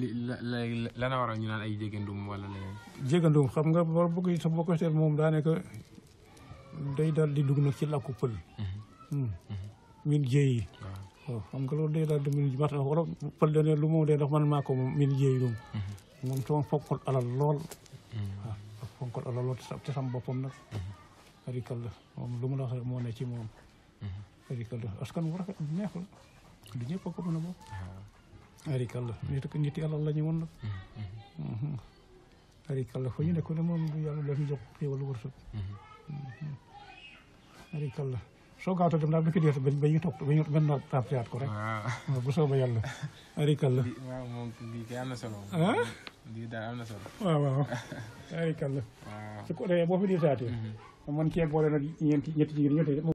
li la ñu naan ay jégandum wala leneen. jégandum xam nga boo bëgg sa boo ko seet moom daanaka day daal di dugg nag ci làkku pël. min mm-hmm. mm. mm-hmm. jéey yi. waaw oh, xam nga loolu day daal di mat wala pël dana lu moom day ndax man maa ko moom min jéey mm-hmm. fonkol alal lool. waaw ah, te sam boppam nag. arikal la moom lu mu la wax rek ne ci moom. arikal la askan bu rafet neexul du ñëpp a ko a bokk. arikalla nit nit yàlla la ñu woon nag. arikalla fa ñu ne ko ne moom du yàlla daf ñu jox xéewal wërsëg. arikalla soo gaawtoo dem daal ba ba ñu toog ko rek. waaw bu soobee yàlla arikalla. waaw moom kii am na solo. lii daal ñetti ñetti.